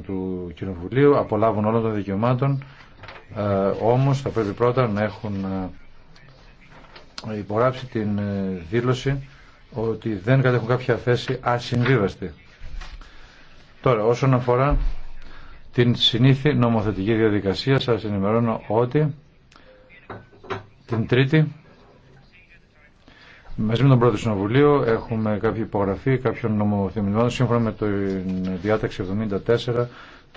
του Κοινοβουλίου απολάβουν όλων των δικαιωμάτων ε, όμως θα πρέπει πρώτα να έχουν ε, υπογράψει την ε, δήλωση ότι δεν κατέχουν κάποια θέση ασυμβίβαστη. Τώρα, όσον αφορά την συνήθη νομοθετική διαδικασία, σας ενημερώνω ότι την Τρίτη Μαζί με τον πρώτο Συνοβουλίου έχουμε κάποια υπογραφή κάποιων νομοθεμηνών σύμφωνα με την διάταξη 74